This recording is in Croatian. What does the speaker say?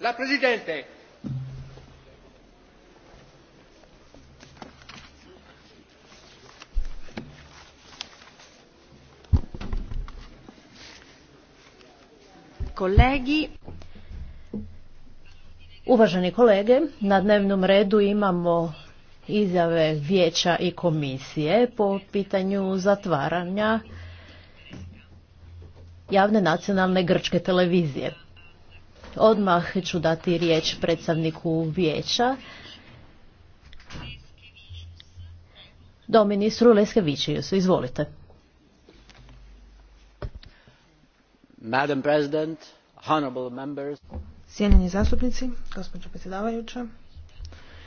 La Presidente. Kolegi. Uvaženi kolege, na dnevnom redu imamo izjave vijeća i komisije po pitanju zatvaranja javne nacionalne grčke televizije. Odmah ću dati riječ predstavniku vijeća. Do ministru su izvolite. Madam President, honorable members. Cijenjeni zastupnici, gospođo predsjedavajuća,